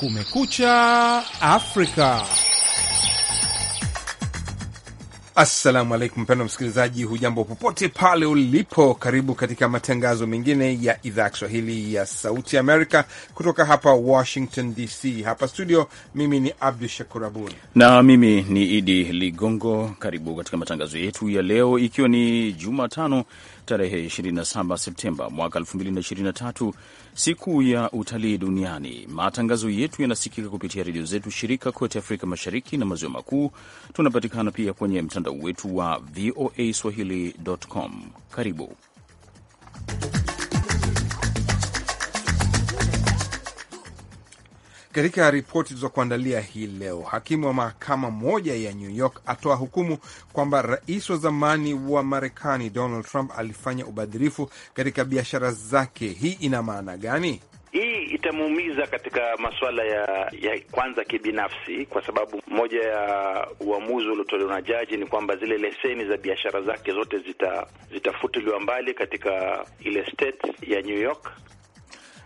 Kumekucha Afrika. Assalamu alaikum, mpendo msikilizaji, hujambo popote pale ulipo. Karibu katika matangazo mengine ya idhaa ya Kiswahili ya Sauti Amerika kutoka hapa Washington DC. Hapa studio, mimi ni Abdu Shakur Abud na mimi ni Idi Ligongo. Karibu katika matangazo yetu ya leo, ikiwa ni Jumatano tarehe 27 Septemba mwaka 2023, siku ya utalii duniani. Matangazo yetu yanasikika kupitia redio zetu shirika kote Afrika Mashariki na Maziwa Makuu. Tunapatikana pia kwenye mtandao wetu wa voa swahili.com. Karibu Katika ripoti tulizokuandalia hii leo, hakimu wa mahakama moja ya New York atoa hukumu kwamba rais wa zamani wa Marekani Donald Trump alifanya ubadhirifu katika biashara zake. Hii ina maana gani? Hii itamuumiza katika masuala ya, ya kwanza kibinafsi, kwa sababu moja ya uamuzi uliotolewa na jaji ni kwamba zile leseni za biashara zake zote zita, mbali katika ile state ya New York,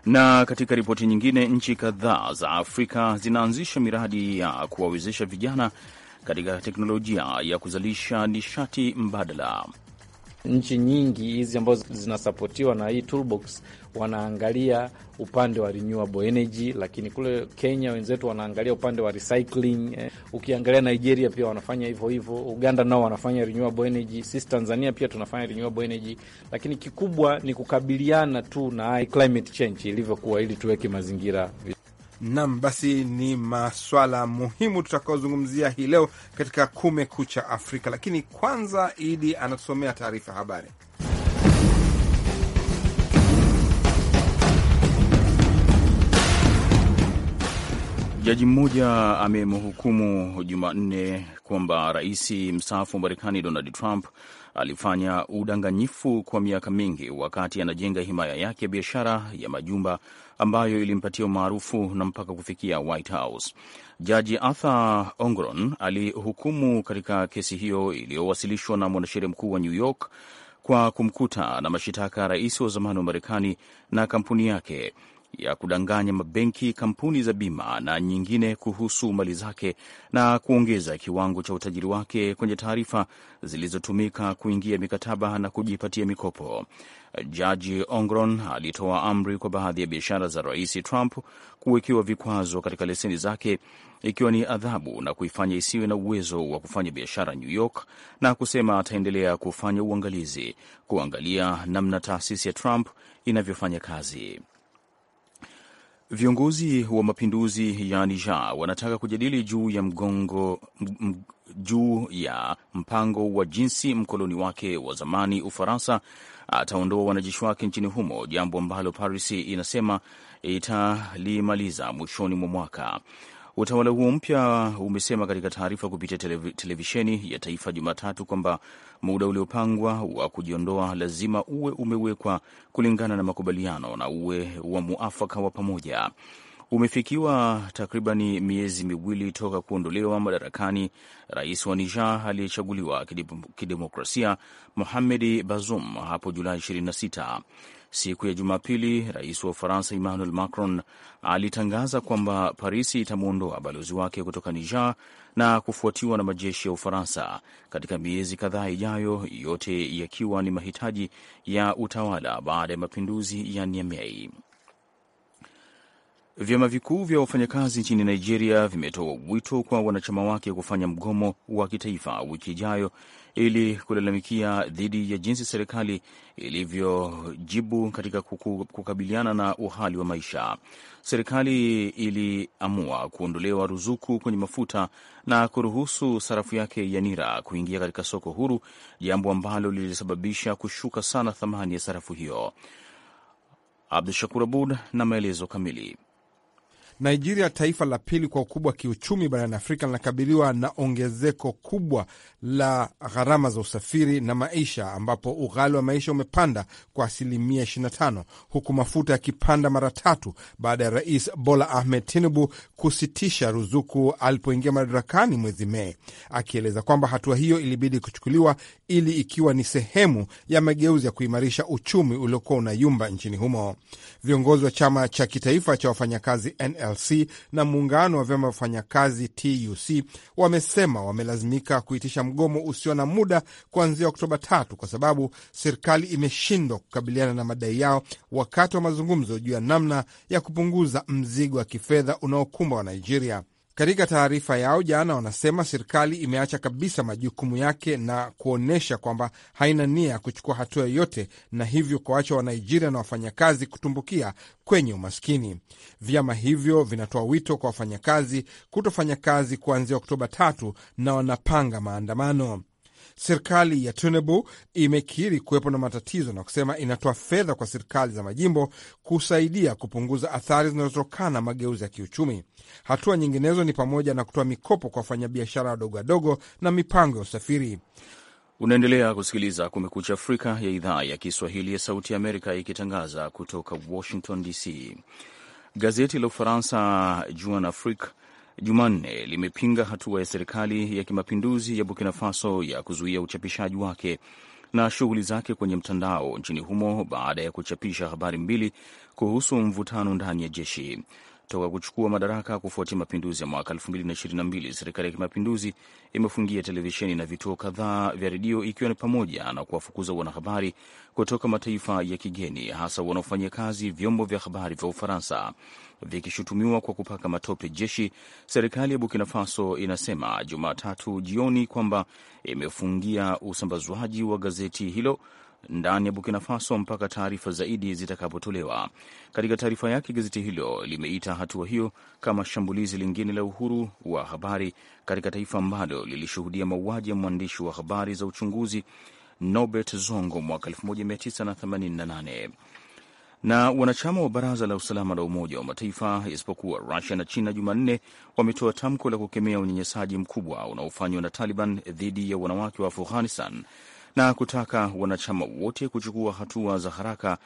na katika ripoti nyingine, nchi kadhaa za Afrika zinaanzisha miradi ya kuwawezesha vijana katika teknolojia ya kuzalisha nishati mbadala. Nchi nyingi hizi ambazo zinasapotiwa na hii toolbox wanaangalia upande wa renewable energy, lakini kule Kenya wenzetu wanaangalia upande wa recycling. Eh. Ukiangalia Nigeria pia wanafanya hivyo hivyo, Uganda nao wanafanya renewable energy, sisi Tanzania pia tunafanya renewable energy, lakini kikubwa ni kukabiliana tu na climate change ilivyokuwa, ili tuweke mazingira Nam, basi ni maswala muhimu tutakaozungumzia hii leo katika kume cha Afrika, lakini kwanza Idi anatusomea taarifa habari. Jaji mmoja amemhukumu Jumanne kwamba rais mstaafu wa Marekani Donald Trump alifanya udanganyifu kwa miaka mingi wakati anajenga himaya yake ya biashara ya majumba ambayo ilimpatia umaarufu na mpaka kufikia White House. Jaji Arthur Ongron alihukumu katika kesi hiyo iliyowasilishwa na mwanasheria mkuu wa New York kwa kumkuta na mashitaka rais wa zamani wa Marekani na kampuni yake ya kudanganya mabenki, kampuni za bima na nyingine kuhusu mali zake na kuongeza kiwango cha utajiri wake kwenye taarifa zilizotumika kuingia mikataba na kujipatia mikopo. Jaji Ongron alitoa amri kwa baadhi ya biashara za Rais Trump kuwekewa vikwazo katika leseni zake ikiwa ni adhabu na kuifanya isiwe na uwezo wa kufanya biashara New York, na kusema ataendelea kufanya uangalizi kuangalia namna taasisi ya Trump inavyofanya kazi. Viongozi wa mapinduzi ya Niger wanataka kujadili juu ya mgongo juu ya mpango wa jinsi mkoloni wake wa zamani Ufaransa ataondoa wanajeshi wake nchini humo, jambo ambalo Paris inasema italimaliza mwishoni mwa mwaka. Utawala huo mpya umesema katika taarifa kupitia televisheni ya taifa Jumatatu kwamba muda uliopangwa wa kujiondoa lazima uwe umewekwa kulingana na makubaliano na uwe wa muafaka wa pamoja umefikiwa takribani miezi miwili toka kuondolewa madarakani rais wa Niger aliyechaguliwa kidemokrasia Mohamed Bazoum hapo Julai 26. Siku ya Jumapili, rais wa Ufaransa Emmanuel Macron alitangaza kwamba Paris itamwondoa balozi wake kutoka Niger na kufuatiwa na majeshi ya Ufaransa katika miezi kadhaa ijayo, yote yakiwa ni mahitaji ya utawala baada ya mapinduzi ya Niamey. Vyama vikuu vya wafanyakazi nchini Nigeria vimetoa wito kwa wanachama wake kufanya mgomo wa kitaifa wiki ijayo ili kulalamikia dhidi ya jinsi serikali ilivyojibu katika kukabiliana na uhali wa maisha. Serikali iliamua kuondolewa ruzuku kwenye mafuta na kuruhusu sarafu yake ya nira kuingia katika soko huru, jambo ambalo lilisababisha kushuka sana thamani ya sarafu hiyo. Abdu Shakur Abud na maelezo kamili. Nigeria, taifa la pili kwa ukubwa kiuchumi barani Afrika, linakabiliwa na ongezeko kubwa la gharama za usafiri na maisha, ambapo ughali wa maisha umepanda kwa asilimia 25 huku mafuta yakipanda mara tatu baada ya Rais Bola Ahmed Tinubu kusitisha ruzuku alipoingia madarakani mwezi Mei, akieleza kwamba hatua hiyo ilibidi kuchukuliwa ili ikiwa ni sehemu ya mageuzi ya kuimarisha uchumi uliokuwa unayumba nchini humo. Viongozi wa chama cha kitaifa cha wafanyakazi TLC na muungano wa vyama wafanyakazi TUC wamesema wamelazimika kuitisha mgomo usio na muda kuanzia Oktoba tatu kwa sababu serikali imeshindwa kukabiliana na madai yao wakati wa mazungumzo juu ya namna ya kupunguza mzigo wa kifedha unaokumba wa Nigeria. Katika taarifa yao jana, wanasema serikali imeacha kabisa majukumu yake na kuonyesha kwamba haina nia ya kuchukua hatua yoyote, na hivyo kuacha Wanigeria na wafanyakazi kutumbukia kwenye umaskini. Vyama hivyo vinatoa wito kwa wafanyakazi kutofanya kazi kuanzia Oktoba tatu na wanapanga maandamano serikali ya tunebu imekiri kuwepo na matatizo na kusema inatoa fedha kwa serikali za majimbo kusaidia kupunguza athari zinazotokana na mageuzi ya kiuchumi. Hatua nyinginezo ni pamoja na kutoa mikopo kwa wafanyabiashara wadogo wadogo na mipango ya usafiri. Unaendelea kusikiliza Kumekucha Afrika ya idhaa ya Kiswahili ya Sauti ya Amerika ikitangaza kutoka Washington DC. Gazeti la Ufaransa Jeune Afrique Jumanne limepinga hatua ya serikali ya kimapinduzi ya Burkina Faso ya kuzuia uchapishaji wake na shughuli zake kwenye mtandao nchini humo baada ya kuchapisha habari mbili kuhusu mvutano ndani ya jeshi. Toka kuchukua madaraka kufuatia mapinduzi ya mwaka 2022, serikali ya kimapinduzi imefungia televisheni na vituo kadhaa vya redio ikiwa ni pamoja na kuwafukuza wanahabari kutoka mataifa ya kigeni, hasa wanaofanyia kazi vyombo vya habari vya Ufaransa, vikishutumiwa kwa kupaka matope jeshi. Serikali ya Burkina Faso inasema Jumatatu jioni kwamba imefungia usambazwaji wa gazeti hilo ndani ya Burkina Faso mpaka taarifa zaidi zitakapotolewa. Katika taarifa yake, gazeti hilo limeita hatua hiyo kama shambulizi lingine la uhuru wa habari katika taifa ambalo lilishuhudia mauaji ya mwandishi wa habari za uchunguzi Norbert Zongo mwaka 1988 na wanachama wa baraza la usalama la Umoja wa Mataifa isipokuwa Rusia na China Jumanne wametoa tamko la kukemea unyanyasaji mkubwa unaofanywa na Taliban dhidi ya wanawake wa Afghanistan na kutaka wanachama wote kuchukua hatua za haraka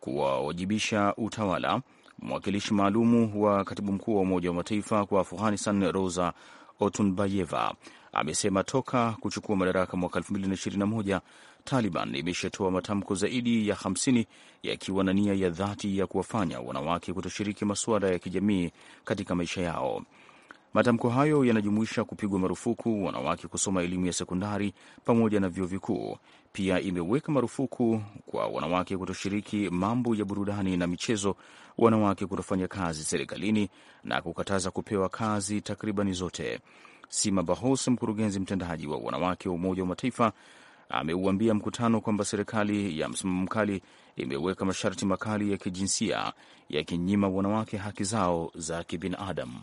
kuwawajibisha utawala. Mwakilishi maalumu wa katibu mkuu wa Umoja wa Mataifa kwa Afghanistan Rosa Otunbayeva amesema toka kuchukua madaraka mwaka 2021 Taliban imeshatoa matamko zaidi ya 50 yakiwa na nia ya dhati ya kuwafanya wanawake kutoshiriki masuala ya kijamii katika maisha yao. Matamko hayo yanajumuisha kupigwa marufuku wanawake kusoma elimu ya sekondari pamoja na vyuo vikuu. Pia imeweka marufuku kwa wanawake kutoshiriki mambo ya burudani na michezo, wanawake kutofanya kazi serikalini na kukataza kupewa kazi takribani zote. Sima bahos mkurugenzi mtendaji wa wanawake wa Umoja wa Mataifa, ameuambia mkutano kwamba serikali ya msimamo mkali imeweka masharti makali ya kijinsia yakinyima wanawake haki zao za kibinadamu.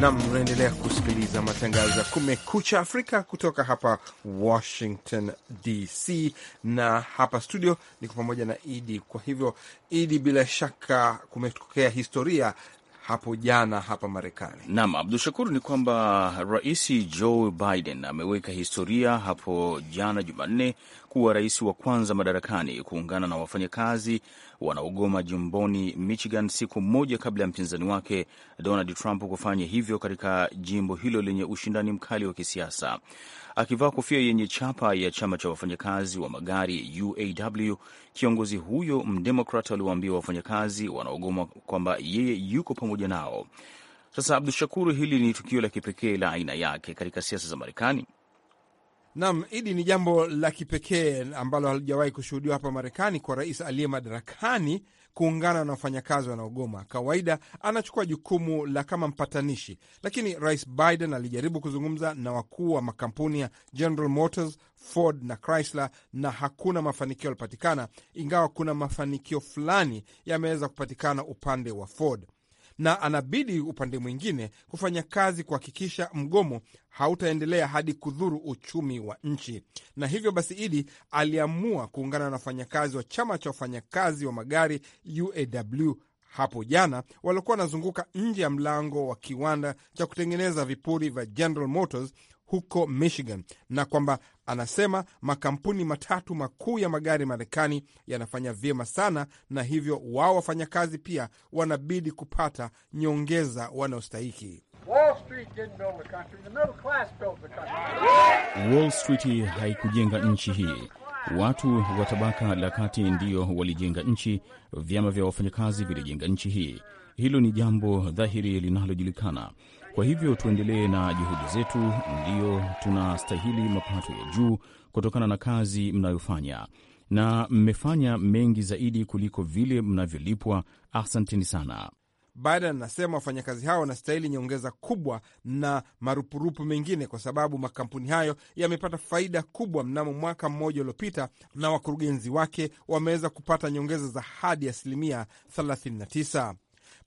Nam, unaendelea kusikiliza matangazo ya Kumekucha Afrika kutoka hapa Washington DC, na hapa studio niko pamoja na Idi. Kwa hivyo, Idi, bila shaka kumetokea historia hapo jana hapa Marekani. Naam, Abdu Shakur, ni kwamba Rais Joe Biden ameweka historia hapo jana Jumanne kuwa rais wa kwanza madarakani kuungana na wafanyakazi wanaogoma jimboni Michigan siku moja kabla ya mpinzani wake Donald Trump kufanya hivyo katika jimbo hilo lenye ushindani mkali wa kisiasa. Akivaa kofia yenye chapa ya chama cha wafanyakazi wa magari UAW, kiongozi huyo mdemokrat aliwaambia wafanyakazi wanaogoma kwamba yeye yuko pamoja nao. Sasa Abdu Shakuru, hili ni tukio la kipekee la aina yake katika siasa za Marekani. nam hili ni jambo la kipekee ambalo halijawahi kushuhudiwa hapa Marekani kwa rais aliye madarakani kuungana na wafanyakazi wanaogoma. Kawaida anachukua jukumu la kama mpatanishi, lakini Rais Biden alijaribu kuzungumza na wakuu wa makampuni ya General Motors, Ford na Chrysler na hakuna mafanikio yalipatikana, ingawa kuna mafanikio fulani yameweza kupatikana upande wa Ford na anabidi upande mwingine kufanya kazi kuhakikisha mgomo hautaendelea hadi kudhuru uchumi wa nchi. Na hivyo basi, Idi aliamua kuungana na wafanyakazi wa chama cha wafanyakazi wa magari UAW hapo jana waliokuwa wanazunguka nje ya mlango wa kiwanda cha kutengeneza vipuri vya General Motors huko Michigan, na kwamba anasema makampuni matatu makuu ya magari Marekani yanafanya vyema sana, na hivyo wao wafanyakazi pia wanabidi kupata nyongeza wanaostahiki. Wall Street haikujenga nchi hii. Watu wa tabaka la kati ndiyo walijenga nchi. Vyama vya wafanyakazi vilijenga nchi hii. Hilo ni jambo dhahiri linalojulikana. Kwa hivyo tuendelee na juhudi zetu, ndiyo tunastahili mapato ya juu kutokana na kazi mnayofanya na mmefanya mengi zaidi kuliko vile mnavyolipwa. Asanteni sana. Biden anasema wafanyakazi hao wanastahili nyongeza kubwa na marupurupu mengine, kwa sababu makampuni hayo yamepata faida kubwa mnamo mwaka mmoja uliopita, na wakurugenzi wake wameweza kupata nyongeza za hadi asilimia 39.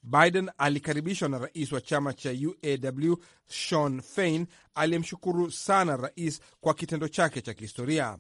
Biden alikaribishwa na rais wa chama cha UAW Sean Fein aliyemshukuru sana rais kwa kitendo chake cha kihistoria.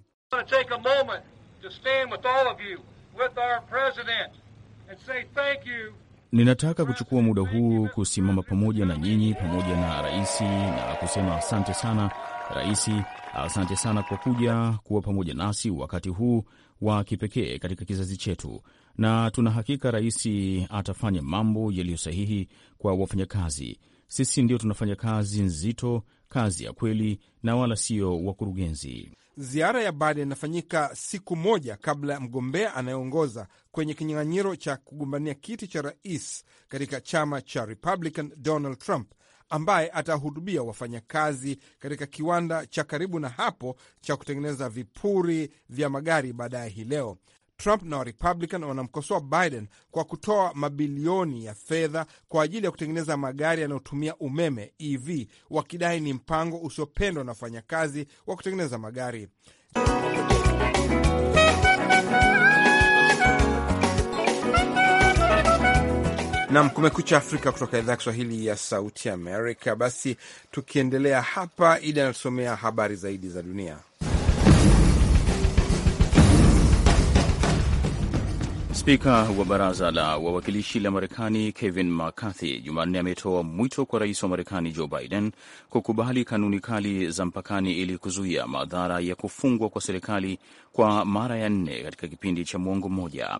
Ninataka kuchukua muda huu kusimama pamoja na nyinyi, pamoja na raisi, na kusema asante sana raisi, asante sana kwa kuja kuwa pamoja nasi wakati huu wa kipekee katika kizazi chetu na tuna hakika rais atafanya mambo yaliyo sahihi kwa wafanyakazi. Sisi ndio tunafanya kazi nzito, kazi ya kweli, na wala sio wakurugenzi. Ziara ya Biden inafanyika siku moja kabla ya mgombea anayeongoza kwenye kinyang'anyiro cha kugombania kiti cha rais katika chama cha Republican Donald Trump ambaye atahutubia wafanyakazi katika kiwanda cha karibu na hapo cha kutengeneza vipuri vya magari baadaye hii leo. Trump na Warepublican wanamkosoa Biden kwa kutoa mabilioni ya fedha kwa ajili ya kutengeneza magari yanayotumia umeme EV, wakidai ni mpango usiopendwa na wafanyakazi wa kutengeneza magari. Nam, Kumekucha Afrika kutoka idhaa ya Kiswahili ya Sauti Amerika. Basi tukiendelea hapa, Idi anatusomea habari zaidi za dunia. Spika wa baraza la wawakilishi la Marekani Kevin McCarthy Jumanne ametoa mwito kwa rais wa Marekani Joe Biden kukubali kanuni kali za mpakani ili kuzuia madhara ya kufungwa kwa serikali kwa mara ya nne katika kipindi cha mwongo mmoja.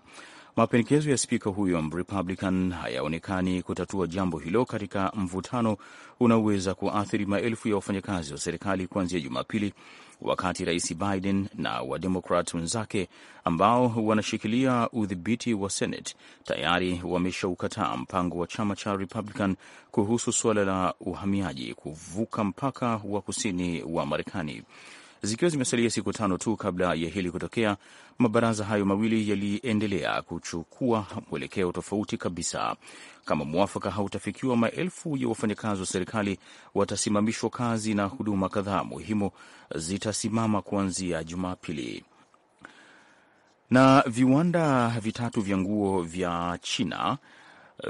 Mapendekezo ya spika huyo Mrepublican hayaonekani kutatua jambo hilo katika mvutano unaoweza kuathiri maelfu ya wafanyakazi wa serikali kuanzia Jumapili wakati Rais Biden na Wademokrat wenzake ambao wanashikilia udhibiti wa Senate tayari wameshaukataa mpango wa chama cha Republican kuhusu suala la uhamiaji kuvuka mpaka wa kusini wa Marekani. Zikiwa zimesalia siku tano tu kabla ya hili kutokea, mabaraza hayo mawili yaliendelea kuchukua mwelekeo tofauti kabisa. Kama mwafaka hautafikiwa, maelfu ya wafanyakazi wa serikali watasimamishwa kazi na huduma kadhaa muhimu zitasimama kuanzia Jumapili. Na viwanda vitatu vya nguo vya China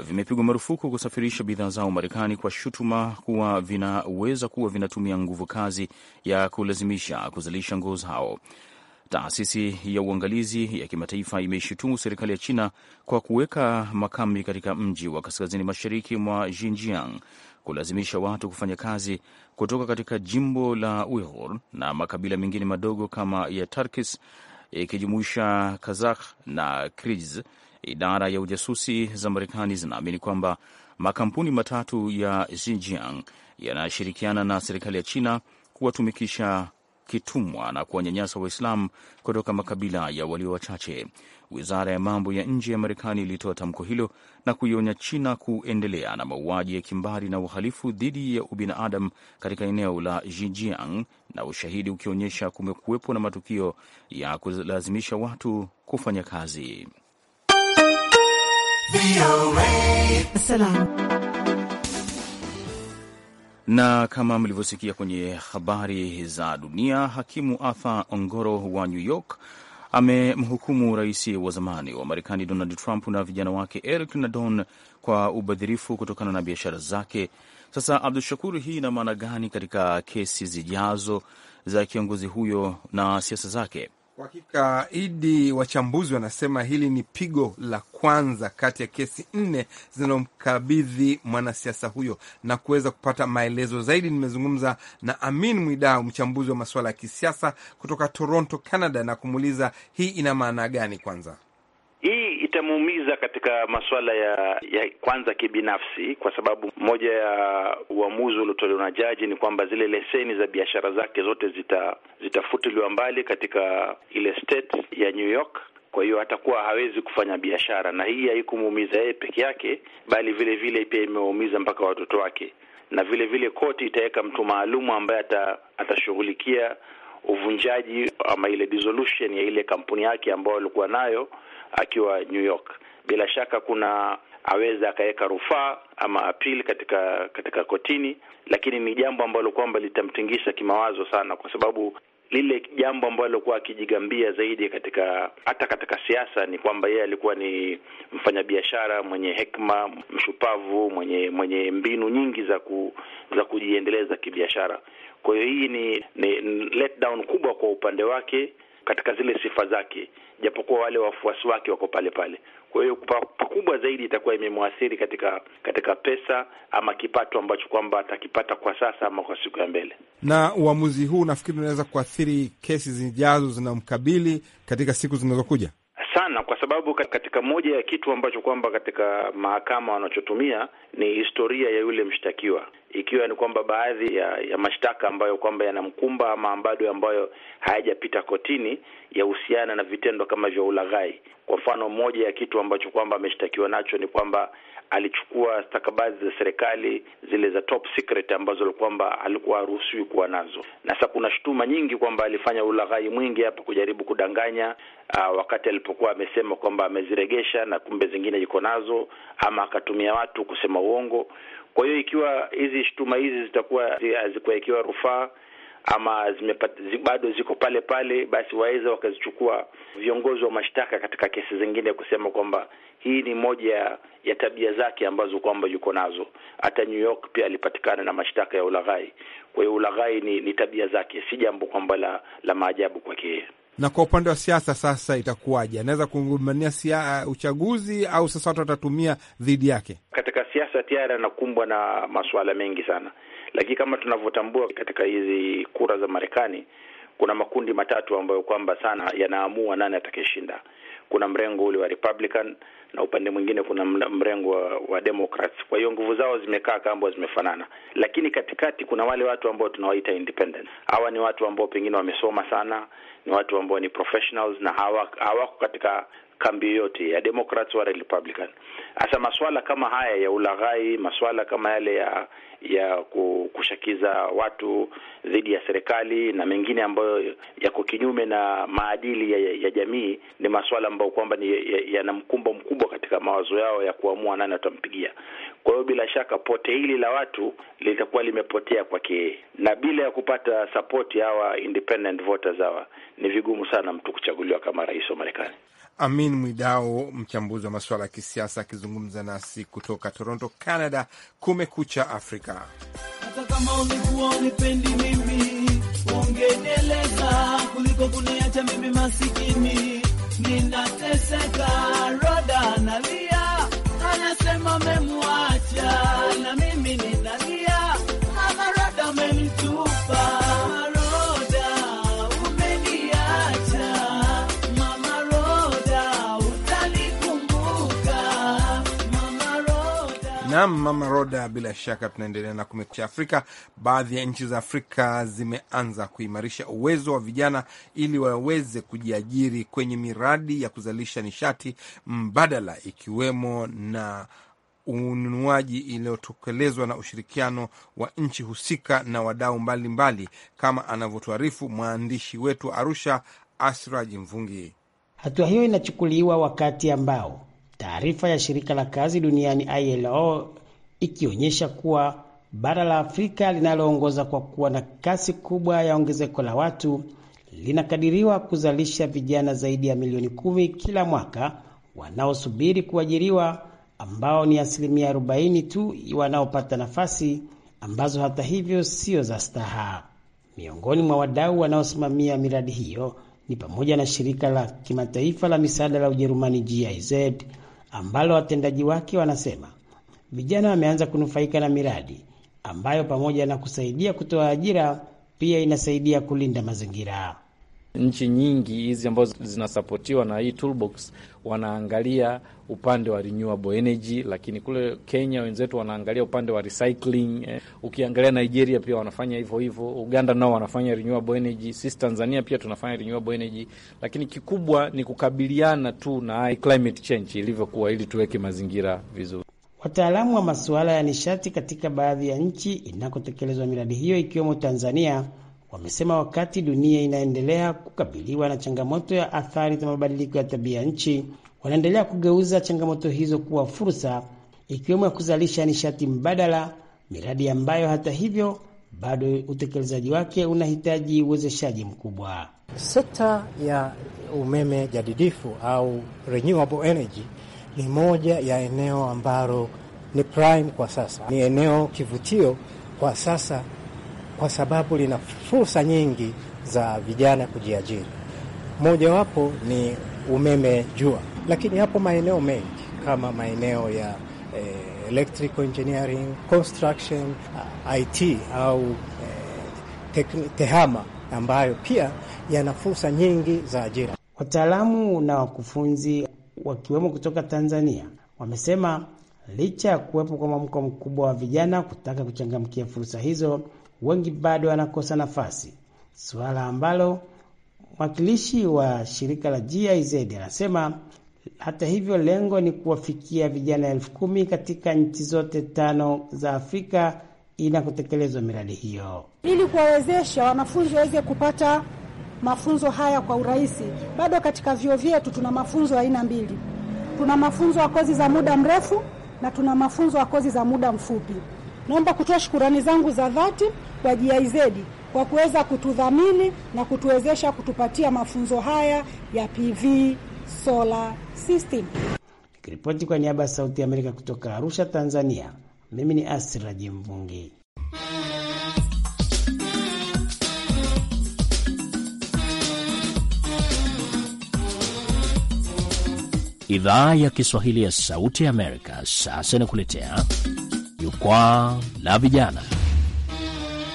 vimepigwa marufuku kusafirisha bidhaa zao Marekani kwa shutuma kuwa vinaweza kuwa vinatumia nguvu kazi ya kulazimisha kuzalisha nguo zao. Taasisi ya uangalizi ya kimataifa imeishutumu serikali ya China kwa kuweka makambi katika mji wa kaskazini mashariki mwa Xinjiang, kulazimisha watu kufanya kazi kutoka katika jimbo la Uighur na makabila mengine madogo kama ya Turkis ikijumuisha Kazakh na Kirgiz. Idara ya ujasusi za Marekani zinaamini kwamba makampuni matatu ya Xinjiang yanashirikiana na serikali ya China kuwatumikisha kitumwa na kuwanyanyasa Waislamu kutoka makabila ya walio wachache. Wizara ya mambo ya nje ya Marekani ilitoa tamko hilo na kuionya China kuendelea na mauaji ya kimbari na uhalifu dhidi ya ubinadamu katika eneo la Xinjiang, na ushahidi ukionyesha kumekuwepo na matukio ya kulazimisha watu kufanya kazi. Na kama mlivyosikia kwenye habari za dunia, hakimu Arthur Ongoro wa New York amemhukumu rais wa zamani wa Marekani Donald Trump na vijana wake Eric na Don kwa ubadhirifu kutokana na biashara zake. Sasa Abdu Shakur, hii ina maana gani katika kesi zijazo za kiongozi huyo na siasa zake? Kwa hakika Idi, wachambuzi wanasema hili ni pigo la kwanza kati ya kesi nne zinazomkabidhi mwanasiasa huyo. Na kuweza kupata maelezo zaidi, nimezungumza na Amin Mwidau, mchambuzi wa masuala ya kisiasa kutoka Toronto, Canada, na kumuuliza hii ina maana gani kwanza chamuumiza katika masuala ya, ya kwanza kibinafsi, kwa sababu moja ya uamuzi uliotolewa na jaji ni kwamba zile leseni za biashara zake zote zita zitafutiliwa mbali katika ile state ya New York. Kwa hiyo atakuwa hawezi kufanya biashara, na hii haikumuumiza yeye peke yake, bali vile vile pia imewaumiza mpaka watoto wake, na vile vile koti itaweka mtu maalumu ambaye atashughulikia uvunjaji ama ile dissolution ya ile kampuni yake ambayo alikuwa nayo akiwa New York. Bila shaka kuna aweza akaweka rufaa ama apili katika katika kotini, lakini ni jambo ambalo kwamba litamtingisha kimawazo sana, kwa sababu lile jambo ambalo alikuwa akijigambia zaidi katika hata katika siasa ni kwamba yeye alikuwa ni mfanyabiashara mwenye hekima, mshupavu, mwenye mwenye mbinu nyingi za ku, za kujiendeleza kibiashara. Kwa hiyo hii ni, ni letdown kubwa kwa upande wake katika zile sifa zake, japokuwa wale wafuasi wake wako pale pale. Kwa hiyo pakubwa zaidi itakuwa imemwathiri katika katika pesa ama kipato ambacho kwamba atakipata kwa sasa ama kwa siku ya mbele. Na uamuzi huu nafikiri unaweza kuathiri kesi zijazo zinamkabili katika siku zinazokuja sana, kwa sababu katika moja ya kitu ambacho kwamba katika mahakama wanachotumia ni historia ya yule mshtakiwa, ikiwa ni kwamba baadhi ya, ya mashtaka ambayo kwamba yanamkumba ama ambado ambayo hayajapita kotini yahusiana na vitendo kama vya ulaghai. Kwa mfano, moja ya kitu ambacho kwamba ameshtakiwa nacho ni kwamba alichukua stakabadhi za serikali zile za top secret ambazo kwamba alikuwa haruhusiwi kuwa nazo, na sasa kuna shutuma nyingi kwamba alifanya ulaghai mwingi hapa, kujaribu kudanganya aa, ah, wakati alipokuwa amesema kwamba ameziregesha na kumbe zingine yuko nazo, ama akatumia watu kusema uongo. Kwa hiyo ikiwa hizi shutuma hizi zitakuwa hazikuwekiwa rufaa ama zimepata, bado ziko pale pale, basi waweza wakazichukua viongozi wa mashtaka katika kesi zingine kusema kwamba hii ni moja ya tabia zake ambazo kwamba yuko nazo. Hata New York pia alipatikana na mashtaka ya ulaghai. Kwa hiyo ulaghai ni, ni tabia zake, si jambo kwamba la, la maajabu kwake yeye. Na kwa upande wa siasa sasa itakuwaje? Anaweza kugombania uh, uchaguzi au sasa watu watatumia dhidi yake? Katika siasa tiari anakumbwa na masuala mengi sana lakini kama tunavyotambua katika hizi kura za Marekani, kuna makundi matatu ambayo kwamba sana yanaamua nani atakayeshinda. Kuna mrengo ule wa Republican na upande mwingine kuna mrengo wa, wa Democrats. Kwa hiyo nguvu zao zimekaa kamba zimefanana, lakini katikati kuna wale watu ambao tunawaita independent. Hawa ni watu ambao pengine wamesoma sana, ni watu ambao ni professionals na hawako hawa katika kambi yote ya Democrats wala Republican. Hasa masuala kama haya ya ulaghai, masuala kama yale ya ya kushakiza watu dhidi ya serikali na mengine ambayo yako kinyume na maadili ya, ya jamii, ni masuala ambayo kwamba yana mkumbo mkubwa katika mawazo yao ya kuamua nani watampigia. Kwa hiyo bila shaka pote hili la watu litakuwa limepotea kwake, na bila ya kupata support hawa independent voters hawa, ni vigumu sana mtu kuchaguliwa kama rais wa Marekani. Amin Mwidao, mchambuzi wa masuala ya kisiasa, akizungumza nasi kutoka Toronto, Canada. Kumekucha Afrika. Hata kama ulikuwa unipendi mimi, ungenieleza kuliko kuniacha mimi masikini, ninateseka. Roda analia anasema amemwacha na mimi ninalia, ama Roda memtupa Nam mama Roda, bila shaka tunaendelea na Kumekucha Afrika. Baadhi ya nchi za Afrika zimeanza kuimarisha uwezo wa vijana ili waweze kujiajiri kwenye miradi ya kuzalisha nishati mbadala, ikiwemo na ununuaji iliyotekelezwa na ushirikiano wa nchi husika na wadau mbalimbali, kama anavyotuarifu mwandishi wetu wa Arusha, Asraji Mvungi. Hatua hiyo inachukuliwa wakati ambao taarifa ya shirika la kazi duniani ILO ikionyesha kuwa bara la Afrika linaloongoza kwa kuwa na kasi kubwa ya ongezeko la watu linakadiriwa kuzalisha vijana zaidi ya milioni kumi kila mwaka wanaosubiri kuajiriwa, ambao ni asilimia 40 tu wanaopata nafasi ambazo hata hivyo sio za staha. Miongoni mwa wadau wanaosimamia miradi hiyo ni pamoja na shirika la kimataifa la misaada la Ujerumani GIZ, ambalo watendaji wake wanasema vijana wameanza kunufaika na miradi ambayo pamoja na kusaidia kutoa ajira pia inasaidia kulinda mazingira. Nchi nyingi hizi ambazo zinasapotiwa na hii toolbox wanaangalia upande wa renewable energy, lakini kule Kenya wenzetu wanaangalia upande wa recycling. Eh. Ukiangalia Nigeria pia wanafanya hivyo hivyo, Uganda nao wanafanya renewable energy, sisi Tanzania pia tunafanya renewable energy, lakini kikubwa ni kukabiliana tu na climate change ilivyokuwa, ili tuweke mazingira vizuri. Wataalamu wa masuala ya nishati katika baadhi ya nchi inakotekelezwa miradi hiyo ikiwemo Tanzania wamesema wakati dunia inaendelea kukabiliwa na changamoto ya athari za mabadiliko ya tabia nchi, wanaendelea kugeuza changamoto hizo kuwa fursa, ikiwemo ya kuzalisha nishati mbadala, miradi ambayo hata hivyo bado utekelezaji wake unahitaji uwezeshaji mkubwa. Sekta ya umeme jadidifu au renewable energy ni moja ya eneo ambalo ni prime kwa sasa, ni eneo kivutio kwa sasa kwa sababu lina fursa nyingi za vijana kujiajiri. Mojawapo ni umeme jua, lakini yapo maeneo mengi kama maeneo ya eh, electrical engineering, construction, ah, IT au eh, tehama ambayo pia yana fursa nyingi za ajira. Wataalamu na wakufunzi wakiwemo kutoka Tanzania wamesema licha ya kuwepo kwa mwamko mkubwa wa vijana kutaka kuchangamkia fursa hizo wengi bado wanakosa nafasi, suala ambalo mwakilishi wa shirika la GIZ anasema hata hivyo, lengo ni kuwafikia vijana elfu kumi katika nchi zote tano za Afrika inakotekelezwa miradi hiyo, ili kuwawezesha wanafunzi waweze kupata mafunzo haya kwa urahisi. Bado katika vyuo vyetu tuna mafunzo aina mbili, tuna mafunzo ya kozi za muda mrefu na tuna mafunzo ya kozi za muda mfupi. Naomba kutoa shukurani zangu za dhati kwa GIZ kwa kuweza kutudhamini na kutuwezesha kutupatia mafunzo haya ya PV solar system. Nikiripoti kwa niaba ya Sauti ya Amerika kutoka Arusha, Tanzania, mimi ni Asra Jimvungi. Idhaa ya Kiswahili ya Sauti ya Amerika sasa inakuletea Jukwaa la Vijana.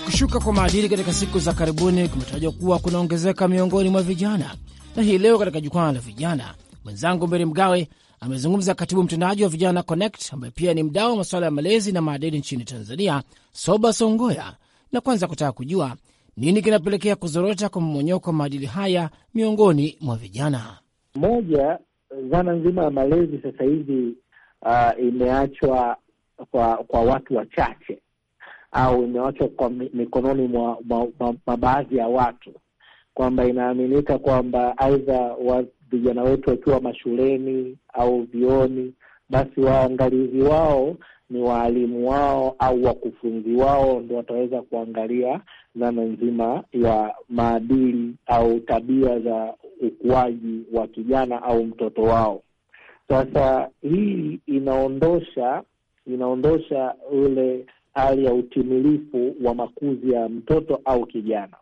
Kushuka kwa maadili katika siku za karibuni kumetarajiwa kuwa kunaongezeka miongoni mwa vijana, na hii leo katika Jukwaa la Vijana mwenzangu mberi Mgawe amezungumza katibu mtendaji wa Vijana Connect ambaye pia ni mdau wa masuala ya malezi na maadili nchini Tanzania, Soba Songoya, na kwanza kutaka kujua nini kinapelekea kuzorota kwa mmonyoko wa maadili haya miongoni mwa vijana. Moja, dhana nzima ya malezi sasa hivi uh, imeachwa kwa kwa watu wachache au imewachwa kwa mikononi mwa, mabaadhi ya watu, kwamba inaaminika kwamba aidha vijana wetu wakiwa mashuleni au vioni, basi waangalizi wao ni waalimu wao au wakufunzi wao ndo wataweza kuangalia dhana nzima ya maadili au tabia za ukuaji wa kijana au mtoto wao. Sasa hii inaondosha inaondosha ule hali ya utimilifu wa makuzi ya mtoto au kijana.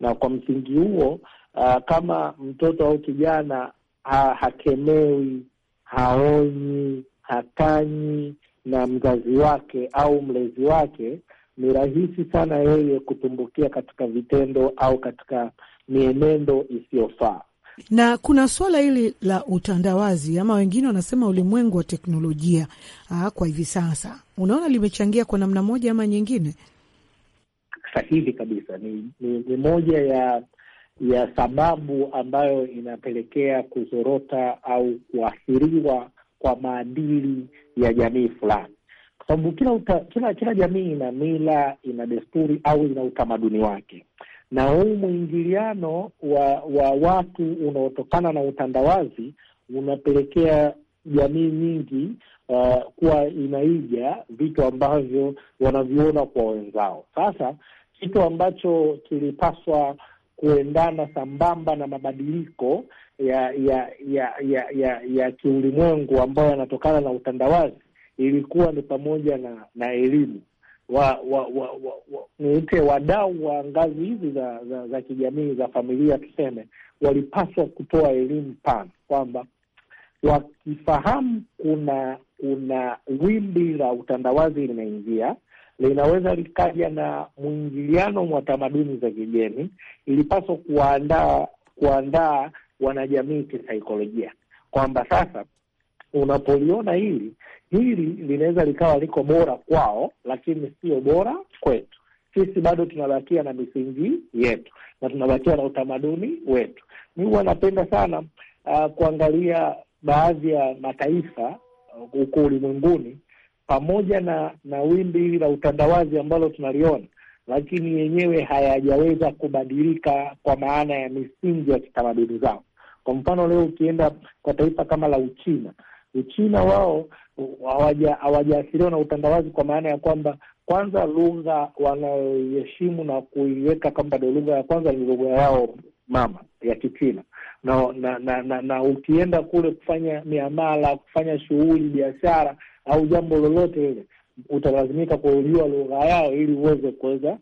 Na kwa msingi huo, uh, kama mtoto au kijana ha hakemewi, haonyi, hakanyi na mzazi wake au mlezi wake, ni rahisi sana yeye kutumbukia katika vitendo au katika mienendo isiyofaa. Na kuna suala hili la utandawazi ama wengine wanasema ulimwengu wa teknolojia aa, ah, kwa hivi sasa unaona limechangia kwa namna moja ama nyingine? Sahihi kabisa, ni, ni, ni moja ya ya sababu ambayo inapelekea kuzorota au kuathiriwa kwa maadili ya jamii fulani, kwa sababu kila, kila, kila jamii ina mila, ina desturi au ina utamaduni wake na huu mwingiliano wa, wa watu unaotokana na utandawazi unapelekea jamii nyingi uh, kuwa inaiga vitu ambavyo wanaviona kwa wenzao. Sasa kitu ambacho kilipaswa kuendana sambamba na mabadiliko ya ya ya ya ya, ya kiulimwengu ambayo yanatokana na utandawazi ilikuwa ni pamoja na na elimu wa, wa, wa, wa, wa, niite wadau wa ngazi hizi za, za, za kijamii za familia tuseme, walipaswa kutoa elimu pana kwamba wakifahamu kuna kuna wimbi la utandawazi linaingia, linaweza likaja na mwingiliano mwa tamaduni za kigeni, ilipaswa kuandaa kuandaa wanajamii kisaikolojia kwamba sasa unapoliona hili hili linaweza likawa liko bora kwao, lakini sio bora kwetu sisi. Bado tunabakia na misingi yetu na tunabakia na utamaduni wetu. Mi huwa napenda sana uh, kuangalia baadhi ya mataifa huko uh, ulimwenguni, pamoja na na wimbi hili la utandawazi ambalo tunaliona, lakini yenyewe hayajaweza kubadilika kwa maana ya misingi ya kitamaduni zao. Kwa mfano leo ukienda kwa taifa kama la Uchina Uchina wao hawajaathiriwa na utandawazi kwa maana ya kwamba kwanza lugha wanayoiheshimu na kuiweka kwamba ndio lugha ya kwanza ni lugha yao mama ya Kichina na, na, na, na, na ukienda kule kufanya miamala, kufanya shughuli, biashara au jambo lolote lile, utalazimika kuujua lugha yao ili uweze kuweza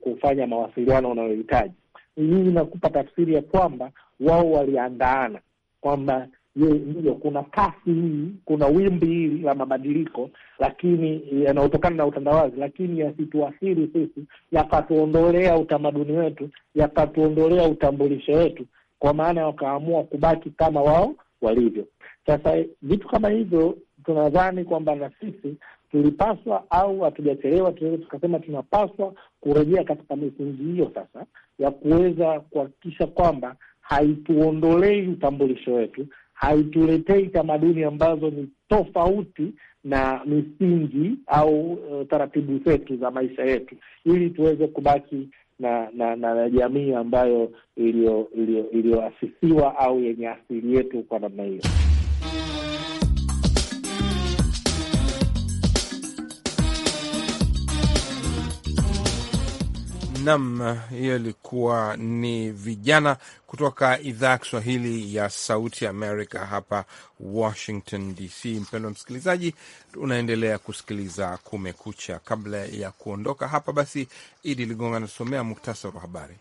kufanya mawasiliano unayohitaji. Hii inakupa tafsiri ya kwamba wao waliandaana kwamba ndiyo, kuna kasi hii, kuna wimbi hili la mabadiliko lakini eh, yanayotokana na utandawazi, lakini yasituathiri sisi, yakatuondolea utamaduni wetu, yakatuondolea utambulisho wetu, kwa maana wakaamua kubaki kama wao walivyo. Sasa vitu kama hivyo tunadhani kwamba na sisi tulipaswa au hatujachelewa, tunaweza tukasema tunapaswa kurejea katika misingi hiyo sasa ya kuweza kuhakikisha kwamba haituondolei utambulisho wetu, haituletei tamaduni ambazo ni tofauti na misingi au uh, taratibu zetu za maisha yetu, ili tuweze kubaki na na, na jamii ambayo iliyoasisiwa au yenye asili yetu kwa namna hiyo. Nam, hiyo ilikuwa ni vijana kutoka idhaa ya Kiswahili ya Sauti Amerika hapa Washington DC. Mpendwa msikilizaji, unaendelea kusikiliza Kumekucha. Kabla ya kuondoka hapa, basi Idi Ligonga anasomea muktasari wa habari.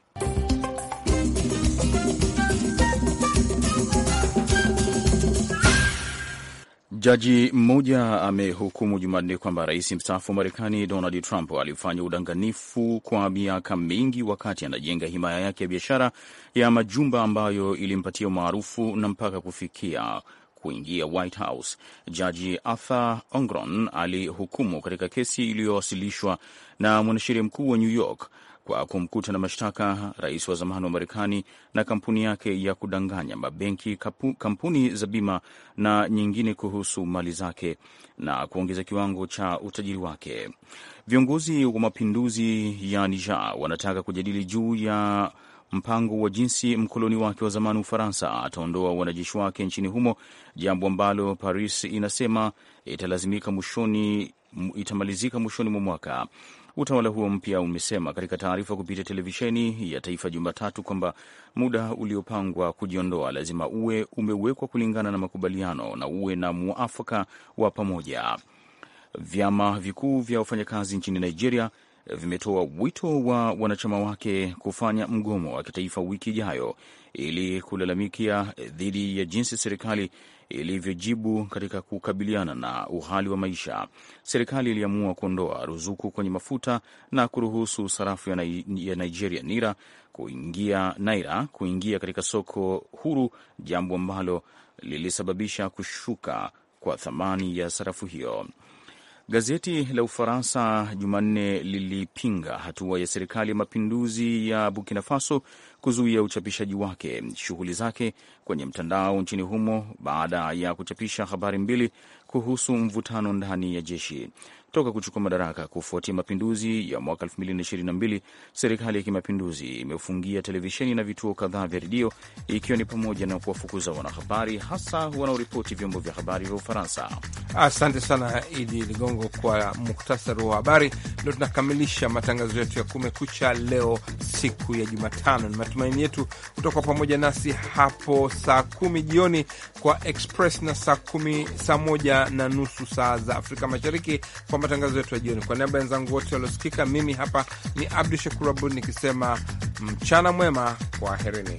Jaji mmoja amehukumu Jumanne kwamba rais mstaafu wa Marekani Donald Trump alifanya udanganifu kwa miaka mingi wakati anajenga himaya yake ya biashara ya majumba ambayo ilimpatia umaarufu na mpaka kufikia kuingia White House. Jaji Arthur Ongron alihukumu katika kesi iliyowasilishwa na mwanasheria mkuu wa New York kwa kumkuta na mashtaka rais wa zamani wa Marekani na kampuni yake ya kudanganya mabenki, kampuni za bima na nyingine kuhusu mali zake na kuongeza kiwango cha utajiri wake. Viongozi wa mapinduzi ya Niger wanataka kujadili juu ya mpango wa jinsi mkoloni wake wa zamani Ufaransa ataondoa wanajeshi wake nchini humo, jambo ambalo Paris inasema italazimika mwishoni, itamalizika mwishoni mwa mwaka. Utawala huo mpya umesema katika taarifa kupitia televisheni ya taifa Jumatatu kwamba muda uliopangwa kujiondoa lazima uwe umewekwa kulingana na makubaliano na uwe na muafaka wa pamoja. Vyama vikuu vya wafanyakazi nchini Nigeria vimetoa wito wa wanachama wake kufanya mgomo wa kitaifa wiki ijayo ili kulalamikia dhidi ya jinsi serikali ilivyojibu katika kukabiliana na uhali wa maisha, serikali iliamua kuondoa ruzuku kwenye mafuta na kuruhusu sarafu ya Nigeria nira kuingia, naira kuingia katika soko huru, jambo ambalo lilisababisha kushuka kwa thamani ya sarafu hiyo. Gazeti la Ufaransa Jumanne lilipinga hatua ya serikali ya mapinduzi ya Burkina Faso kuzuia uchapishaji wake shughuli zake kwenye mtandao nchini humo baada ya kuchapisha habari mbili kuhusu mvutano ndani ya jeshi toka kuchukua madaraka kufuatia mapinduzi ya mwaka 2022, serikali ya kimapinduzi imefungia televisheni na vituo kadhaa vya redio ikiwa ni pamoja na kuwafukuza wanahabari hasa wanaoripoti vyombo vya habari vya Ufaransa. Asante sana Idi Ligongo kwa muktasari wa habari. Ndio tunakamilisha matangazo yetu ya Kumekucha leo siku ya Jumatano. Ni matumaini yetu utakuwa pamoja nasi hapo saa kumi jioni kwa Express na saa kumi saa moja na nusu saa za Afrika Mashariki kwa matangazo yetu ya jioni. Kwa niaba ya wenzangu wote waliosikika, mimi hapa ni Abdu Shakur Abud nikisema mchana mwema, kwa herini.